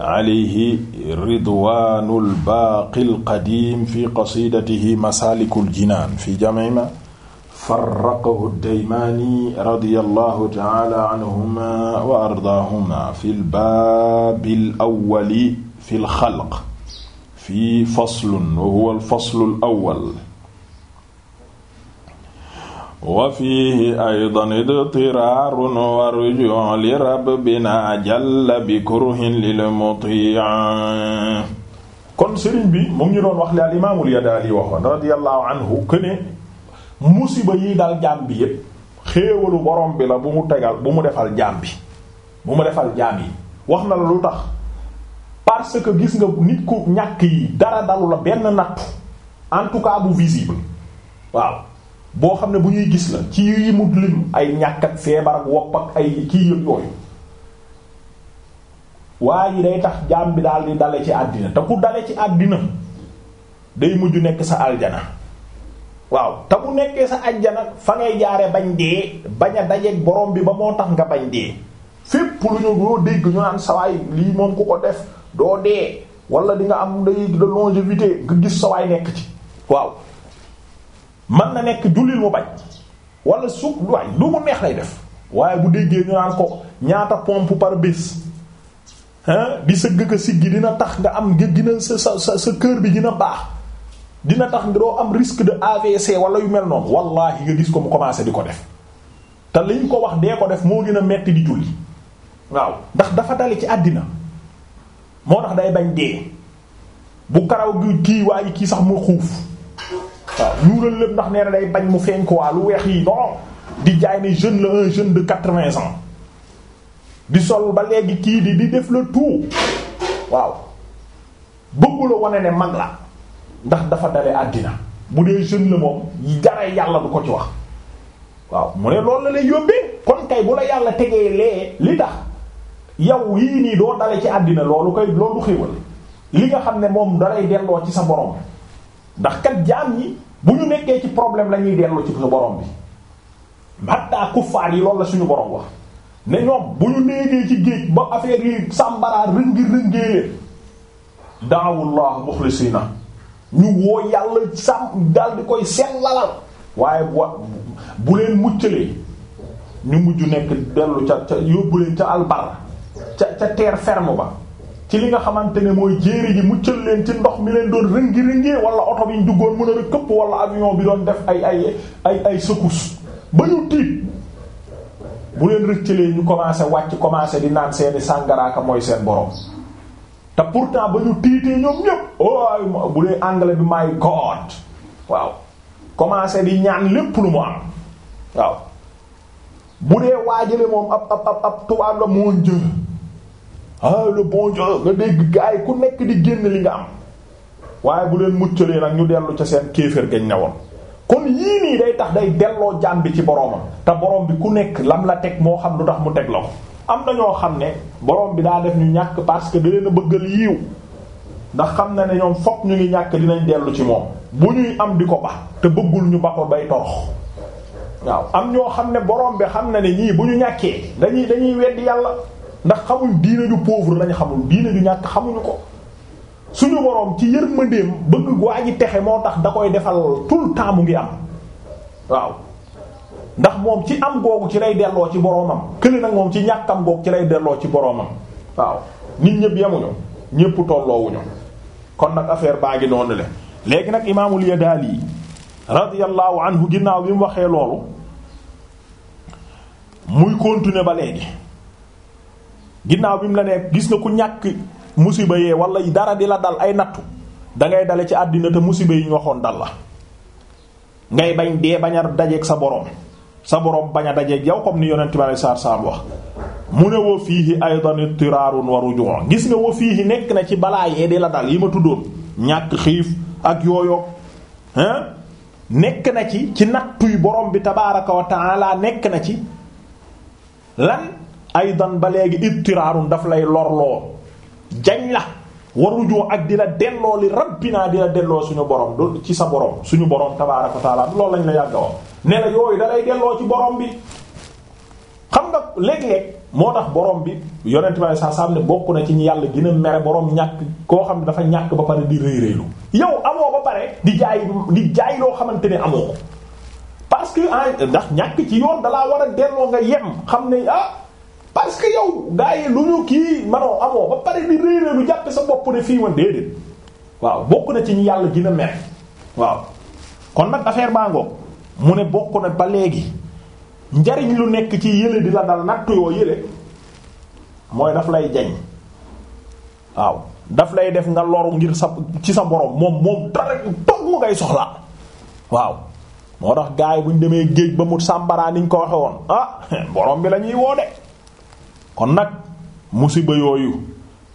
alayhi ridwaanu lbaaqi lqadiim fi qasidatihi masaaliku ljinaan fi jamci ma farraqahu ddaymaani radiyallahu taala anhuma wa ardaahuma fi lbaabi lawwali fi lxalq fi faslun wa huwa alfaslu alawwal wa fiihi aydan idtiraarun wa rujuu li rabbina jalla bi kurhin lil mutii kon sëriñ bi mu ngi doon wax li al imaamul Yadaali waxoon radiyallahu anhu këne musiba yi dal jaam bi yépp xéewalu borom bi la bu mu tegal bu mu defal jaam bi bu mu defal jaam yi wax na la lu tax parce que gis nga nit ku ñàkk yi dara dalu la benn nattu en visible waaw boo xam ne bu ñuy gis la ci yi mu lim ay ñàkk ak feebar ak wopp ak ay kii yëpp yooyu waaye day tax jaam bi daal di dale ci àddina te ku dale ci àddina day mujj nekk sa aljana waaw te bu nekkee sa aljana fa ngay jaare bañ dee bañ a dajeeg borom bi ba moo tax nga bañ dee fépp lu ñu doo dégg ñu naan sawaay lii moom ku ko def doo dee walla di nga am day de longévité nga gis sawaay nekk ci waaw man na nekk jullil mu bañ wala suuf du lu mu neex lay def waaye bu déggee naa ko ñaata pompe par bés di sëgg ka siggi dina tax nga am nga gina sa sa sa kër bi dina baax dina tax nga doo am risque de AVC wala yu mel noonu wallahi nga gis ko mu commencé di ko def te liñ ko wax dee ko def moo gën a metti di julli waaw ndax dafa dale ci àddina moo tax day bañ dee bu karaw gi kii waaye kii sax mu xuuf waaw ñuulal ndax nee na bañ mu feeñ ko waa lu weex yi non di jaay ne jeune la un jeune de quatre-vingts ans di sol ba léegi kii di di def le tout waaw bëggu la wane ne mag la ndax dafa dale àddina bu dee jeune la moom dara yàlla du ko ci wax waaw mu ne loolu la lay yóbbee kon kay bu la yàlla tegee lee li tax yow yii nii doo dale ci àddina loolu koy loolu xéwal li nga xam ne moom dalay delloo ci sa borom ndax kat jaam yi bu ñu nekkee ci problème lañuy ñuy dellu ci suñu borom bi hatta kuffaar yi loolu la suñu borom wax ne ñoom bu ñu nekkee ci géej ba affaire yi sàmbaraa rëngi rëngee daawullah muxlisiina ñu woo yàlla sàmm dal di koy sellalal waaye wa bu leen muccalee ñu mujj nekk dellu ca ca yóbbu leen ca albar ca ca terre ferme ba ci li nga xamante ne mooy jéere ji mu muccal leen ci ndox mi leen doon rëngi-rëngee wala oto bi ñu duggoon mën a këpp wala avion bi doon def ay ay ay ay secousse ba ñu tiit bu leen rëccalee ñu commencé wàcc commencé di naan seeni sàngaraaka mooy seen borom te pour pourtant ba ñu tiitee ñoom ñépp oh bu dee anglais bi my God waaw commencé di ñaan lépp lu mu am waaw bu dee waajale moom ab ab ab tubaab la moo njër ah le bon Dieu nga dégg gars yi ku nekk di génn li nga am waaye bu leen muccalee nag ñu dellu ca seen kéefër gañ ne woon kon yii nii day tax day delloo jaam ci boromam te borom bi ku nekk lam la teg moo xam lu tax mu teg la ko am na ñoo xam ne borom bi daa def ñu ñàkk parce que da a bëggal yiiw ndax xam na ne ñoom fokk ñu ngi ñàkk dinañ dellu ci moom bu ñuy am di ko ba te bëggul ñu ba ko bay torox waaw am ñoo xam ne borom bi xam na ne ñii bu ñu ñàkkee dañuy dañuy weddi yàlla. ndax xamuñ diine ju pauvre lañu xamul diine ju ñàkk xamuñu ko suñu boroom ci yërmandeem bëgg waa ji texe moo tax da koy defal tout le temps mu ngi am waaw ndax moom ci am googu ci lay delloo ci boroomam kële nag moom ci ñàkkam googu ci lay delloo ci boroomam waaw nit ñëpp yemuñu ñépp tolloowuñu kon nag affaire baa ngi noonu le léegi nag imaamul Yadaali radiyallahu anhu ginnaaw bi mu waxee loolu muy continuer ba léegi ginnaaw bi mu la nee gis nga ku ñàkk musiba yee wala dara di la dal ay nattu dangay dale ci àddina te musiba yi ñu waxoon dal la ngay bañ dee bañ a sa boroom sa boroom bañ a dajeeg yow comme ni yonent bi mu ne wa fiihi aydan ittirarun wa ruju' gis nga wa fiihi nekk na ci balaa yee di la dal yi ma tuddoon ñàkk xiif ak yooyo hein nekk na ci ci nattuy borom bi tabaaraka wa ta'ala nekk na ci lan aydan ba léegi ittiraarun daf lay lorloo jañ la warujoo ak di la delloo li rabbinaa di la delloo suñu borom du ci sa borom suñu borom tabaaraka wa taala loolu lañ la yàgg wax ne la yooyu da delloo ci borom bi xam nga lekk léeg moo tax borom bi yonent ba saa saa ne bokk na ci ñu yàlla gën a mere borom ñàkk koo xam ne dafa ñàkk ba pare di rëy rëylu yow amoo ba pare di jaay di jaay loo xamante ni amoo ko parce que ah, ndax ñàkk ci yoon dalaa war a delloo nga yem parce que yow gars yi lu ñu kii manoo amoo ba pare di réy réy lu jàppe sa bopp de fii ma déedéet waaw bokk na ci ñu yàlla gën a mer waaw kon nag affaire bangoog mu ne bokk na ba léegi njariñ lu nekk ci yële di la dal nattu yoo yële mooy daf lay jañ waaw daf lay def nga loru ngir sa ci sa borom moom moom dara toog mu ngay soxla waaw moo tax gars yi bu ñu demee géej ba mu sàmbaraa niñ ko waxe woon ah borom bi la ñuy woo kon nag musiba yooyu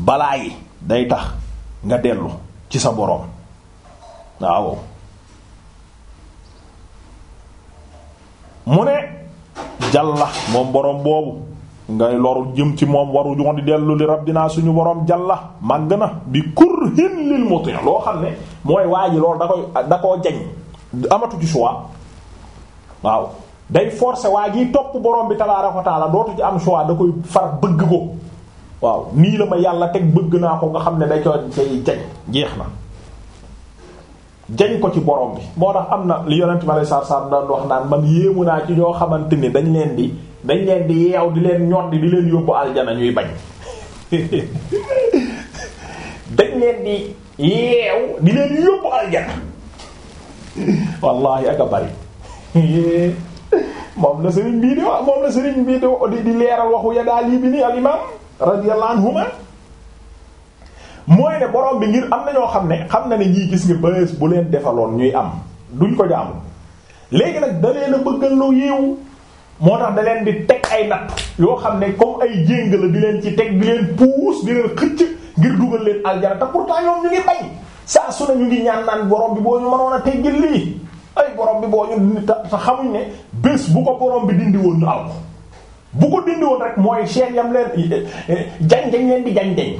balaa yi day tax nga dellu ci sa boroom waaw mu ne jàlla moom boroom boobu ngay loru jëm ci moom waru joon di dellu li dinaa suñu boroom jàlla màgg na bi kurhin lil muti loo xam ne mooy waa ji loolu da koy da koo jañ amatu ci choix waaw day forcer waa jii topp borom bi tabaaraka wa taala dootu ci am choix da koy far bëgg ko waaw nii la ma yàlla teg bëgg naa ko nga xam ne da coo cay jañ jeex na jañ ko ci borom bi moo tax am na li yonent ma lay sar sar doon wax naan man yéemu naa ci ñoo xamante ni dañ leen di dañ leen di yeew di leen ñoddi di leen yóbbu aljana ñuy bañ dañ leen di yeew di leen yóbbu aljana wallahi ak a bari moom la sëriñ bii di wax moom la sëriñ bii di di leeral waxu yadaa lii bi ni al imam radiyallahu anhuma mooy ne borom bi ngir am na ñoo xam ne xam na ne ñi gis nga bés bu leen defaloon ñuy am duñ ko jaamu léegi nag dalee na a bëggal lu yiw moo tax da leen teg ay natt yoo xam ne comme ay jéng la di leen ci teg di leen puus di leen xëcc ngir dugal leen aljana te pourtant ñoom ñu ngi bay saa su ne ñu ngi ñaan naan borom bi boo ñu mënoon a teggil lii ay borom bi boo ñu ta te xamuñ ne bés bu ko borom bi dindi woon ñu aw bu ko dindi woon rek mooy seen yam leen eh, eh, jañ dañ leen di jañ dañ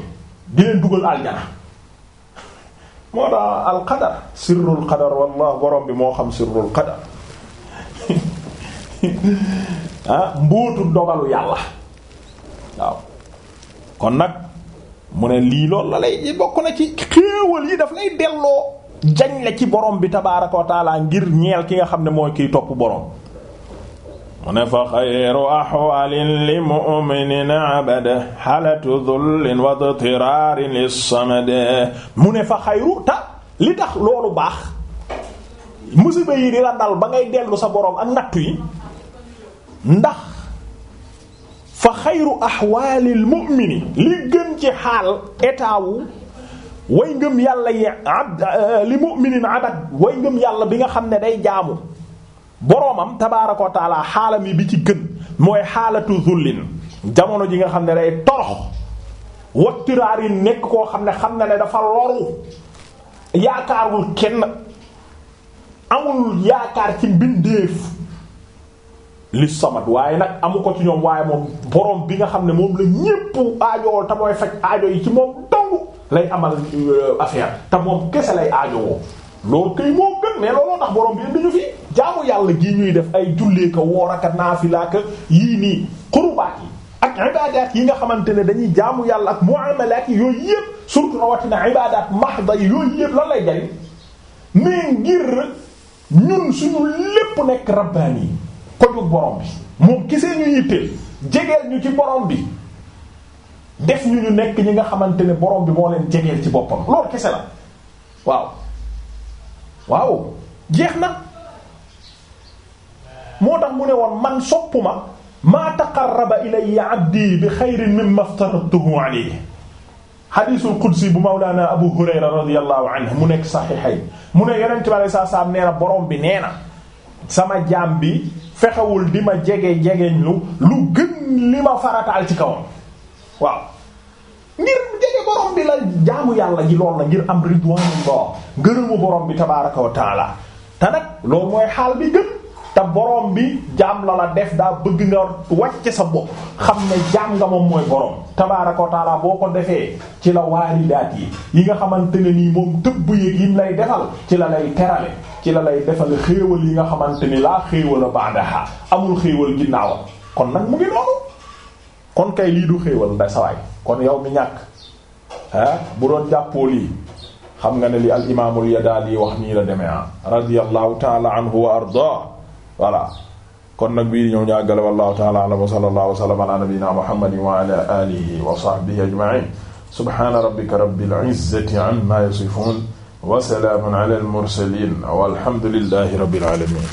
di leen dugal aljana moo daa alqadar sirrul qadar wallah borom bi moo xam sirrul qadar ah mbóotu dogalu yàlla waaw kon nag mu ne lii loolu la lay bokk na ci xéewal yi daf lay delloo jañ la ci borom bi tabaaraka wa ngir ñeel ki nga xam ne mooy kiy topp borom mu ne fa xayru axwalin li muminin abada xalatu dullin wa tirarin lissamade mu ne fa xayru ta li tax loolu baax musiba yi di la dal ba ngay dellu sa borom ak nattu yi ndax fa xayru axwaalil mumini li gën ci xaal état way ngëm yàlla yi abd eh, li mu'minin abad way ngëm yàlla bi nga xam ne day jaamu boroomam tabaaraka wa taala yi bi ci gën mooy xaalatu zullin jamono ji nga xam ne day torox wattiraar yi nekk koo xam ne xam ne ne dafa loru yaakaarul kenn amul yaakaar ci mbindeef li samad waaye nag amu ko ci ñoom waaye moom boroom bi nga xam ne moom la ñépp aajool te mooy faj aajo yi ci moom lay amal euh, affaire te moom kese lay aajowoo loolu kay moo gën mais looloo tax borom bi indi ñu fi jaamu yàlla gi ñuy def ay jullee ka woor aka naafila yii nii xurbaat yi ak ibaadaat yi nga xamante ne dañuy jaamu yàlla ak muamalaat yi yooyu yëpp surtout rawatina ibaadaat mahda yi yooyu yëpp lan lay jariñ mais ngir ñun suñu lépp nekk rabbaani yi ko jóg borom bi moom gisee ñu yitteel jegeel ñu ci borom bi def ñu ñu nekk ñi nga xamante ne borom bi moo leen ci boppam loolu kese la waaw jeex na moo tax mu ne woon man soppuma ma taqarraba ilayya abdi bi xayrin mimma aftaradtuhu alayhi xadiisul qudsi bu mawlaana abu hurayra radiyallahu anhu mu nekk saxiixay mu ne yonent bi alayhi salaam nee na bi nee na sama jaam bi fexewul di ma jege jegeñ lu lu gën li ma farataal ci kawam ngir jege borom bi la jaamu yàlla ji lool la ngir am ridwanullah ngërëmu borom bi tabaaraka wa te nag loolu mooy xaal bi gën te borom bi jaam la la def daa bëgg nga wàcce sa bopp xam ne jaam nga moom mooy borom tabaaraka wa boo ko defee ci la waalidaat yi yi nga xamante ne nii moom tëbb yi yim lay defal ci la lay terale ci la lay defal xéewal yi nga xamante ni laa xéewal a ba'daha amul xéewal ginnaawam kon nag mu ngi noonu kon kay kon yow mi ñàkk ah bu doon jàppoo lii xam nga ne li al imaamul Yadaali wax nii la demee ah radiyallahu taala anhu wa ardaa voilà kon nag bii ñëw ñàggale wallahu taala alam wa sallallahu wa sallam ala nabiyyina muhammadin wa ala alihi wa sahbihi ajma'in subhana rabbika rabbil izzati amma yasifun wa salamun ala al mursalin walhamdulillahi rabbil alamin